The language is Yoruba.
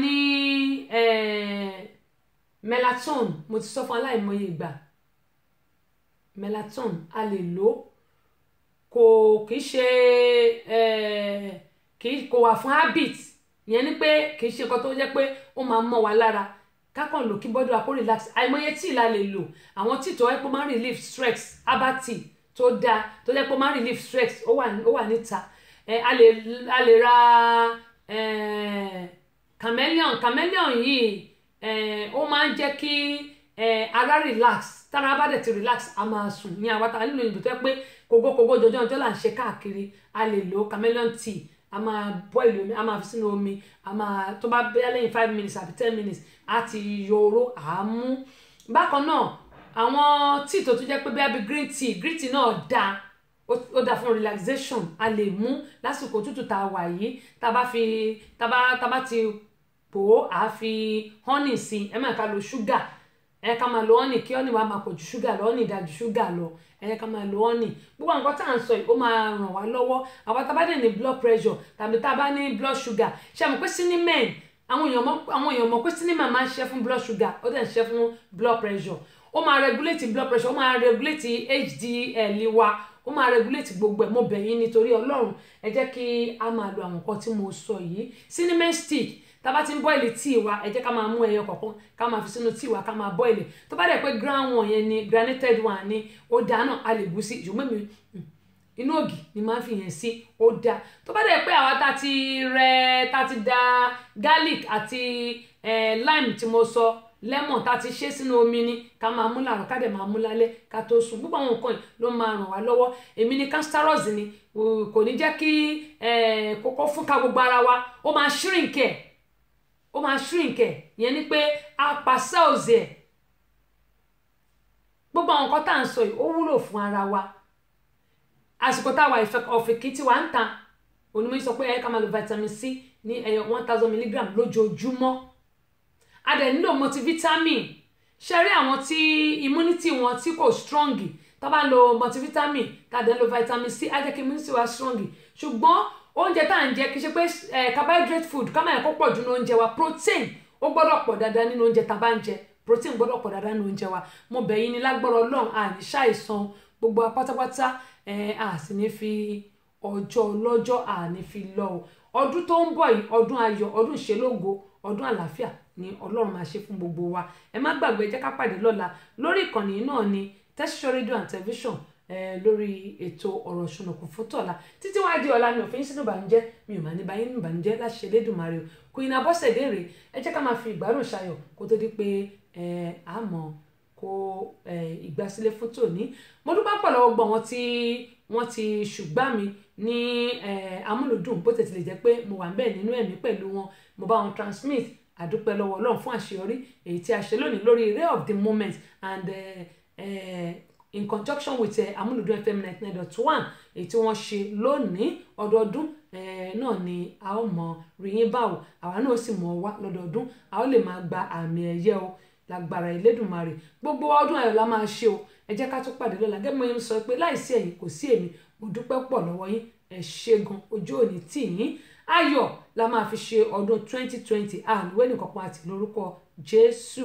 ní melatonin, mo ti sọ fún aláìmọye ìgbà melaton a lè lò kò kì í ṣe kì í kò wà fún habit ìyẹn ni pé kì í ṣe nǹkan tó jẹ́ pé ó máa mọ́ wa lára kákan lò kí bọ́dọ̀ àpò relax àìmọye tíì la lè lò àwọn tíì tó jẹ́ máa ń relieve stress herbal tea tó dáa tó jẹ́ máa ń relieve stress ó wà níta a lè ra chameleon chameleon yìí ó máa ń jẹ́ kí ara relax tára bá dẹ̀ ti relax a máa sùn ní àwọn àtàwọn nínú ìdùtọ́ pé kógókógó jọjọ́ ọjọ́ là ń ṣe káàkiri a lè lo chameleon tea a máa boil omi a máa fi sínú omi a máa tó bá bẹ́ẹ̀ lẹ́yìn five minutes àbí ten minutes a ti yọ oró àámú bákan náà àwọn tíì tó tún jẹ́ pé bẹ́ẹ̀ bí green tea green tea náà dáa ó da fún relaxation a lè mú lásìkò tútù tá a wà yìí tá a bá fi tá a bá tá a bá ti bò ó àfi honey sí ẹ máa ka lo ṣúgà ẹ ká máa lo honey kí honey wa máa pọ̀ ju ṣúgà lọ honey dájú ṣúgà lọ ẹ ká máa lo honey gbogbo nǹkan tá à ń sọ yìí ó máa ràn wá lọ́wọ́ àwọn tá a bá dẹ̀ ní blood pressure tàbí tá a bá ní blood sugar ṣe àmọ́ pé men. àwọn èèyàn mọ̀ pé cinnamon máa ń ṣe fún blood sugar ó dẹ̀ ń ṣe fún blood pressure ó máa regulate blood pressure ó máa regulate HDL wa ó máa regulate gbogbo ẹ̀ mo bẹ̀ yín nítorí ọlọ́run ẹ jẹ́ kí a máa lo àwọn nǹkan tí mo sọ yìí cinnamon stick tá bá ti ń bọ́ìlì tíì wa ẹ jẹ́ ká máa mú ẹyọ kọ̀ọ̀kan ká máa fi sínú tíì wa ká máa bọ́ìlì tó bá dẹ̀ pé ground one yẹn ni granited one ni ó dáa náà a lè bù sí ìjùmọ̀ mi hmm, inú ògì ni máa ń fi yẹn sí ó dáa tó bá dẹ̀ pé àwa tá ti rẹ tá ti da garlic àti eh, lime tí mo sọ lẹ́mọ̀n tá a ti ṣe sínú omi ni ká máa mú làárọ̀ ká dẹ̀ máa mú lálẹ́ ká tó sùn gbogbo àwọn nǹkan ló máa ràn wá lọ́wọ́ èmi ni castaros ni kò ní jẹ́ kí kókó fúnka gbogbo ara wa ó máa shrink ẹ̀ ó máa shrink ẹ̀ yẹn ni pé a pa cells ẹ̀ gbogbo àwọn nǹkan tá à ń sọ yìí ó wúlò fún ara wa àsìkò tá a wà ọ̀fìnkì tí wà ń tàn onímọ̀ sọ pé ẹ ká máa lo vitamin C ní ẹyọ one thousand milligram lójoojúmọ́ a dẹ̀ nílò multivitamin ṣẹ́rí àwọn tí immunity wọn tí kò strong tá bá lo multivitamin tá dẹ̀ lo vitamin c á jẹ́ kí immunity wa strong ṣùgbọ́n oúnjẹ tá à ń jẹ kì í ṣe pé carbohydrate food ká má yẹ kó pọ̀ jù ní oúnjẹ wa protein ó gbọ́dọ̀ pọ̀ dáadáa nínú oúnjẹ tá a bá ń jẹ protein gbọ́dọ̀ pọ̀ dáadáa nínú oúnjẹ wa mo bẹ̀ yín ní lágbọ́rọ̀ ọlọ́run àní ṣàìsàn gbogbo apátápátá ẹ̀ àsì ní fi ọjọ́ ọlọ́jọ́ àní fi lọ o ọdún tó ń bọ̀ yìí ọdún ayọ̀ ọdún ìṣelógo ọdún àlàáfíà ni ọlọ́run máa ṣe fún gbogbo wa ẹ má gbàgbé jẹ́ ká pàdé lọ́la lórí ìkànnì náà ni tẹ́síṣọ́ rédíò and tẹlifíṣàn lórí ètò ọ̀rọ̀ ṣùnùkù fún tọ̀la títí wá di ọ̀la mi ò fi ń sínú ìbànújẹ́ mi ò má ní báyìí nínú ìbànújẹ́ láṣẹ Elédùmarè o kò ìnà bọ́sẹ̀ dé rèé ẹ jẹ́ ká máa fi ìgbádùn ṣayọ̀ kó tó di pé àmọ́ kó ìgbàsílẹ̀ fótó ní mo dúpẹ́ pọ̀ lọ́wọ́ gbọ́ wọn tí wọ́n ti ṣùgbọ́n mi ní amúlùdùn bó tètè lè jẹ́ pé mo wà ń bẹ̀ nínú ẹ̀mí pẹ̀lú wọn mo bá wọn transmit àdúpẹ́ lọ́wọ́ ọlọ́run fún àṣeyọrí èyí tí a ṣe lónìí lórí ray of the moment and uh, in conjunction with uh, amúlùdùn fm ninety nine dot one èyí tí wọ́n ṣe lónìí ọdọọdún náà ni a ó mọ ríyìn báwo àwa náà ó sì mọ̀ wá lọ́dọọdún a ó lè máa gba àmì ẹ̀yẹ o lágbára Elédùmarè gbogbo ọdún ayọ̀ la máa ṣe o ẹ jẹ́ ká tún pàdé lọ́la gẹ́gẹ́ bí mo sọ pé láìsí ẹ̀yin kò sí èmi mo dúpẹ́ pọ̀ lọ́wọ́ yín ẹ ṣé gan ojú òní tì yín ayọ̀ la máa fi ṣe ọdún 2020 àlùwẹ́ nìkan kan àti lórúkọ Jésù.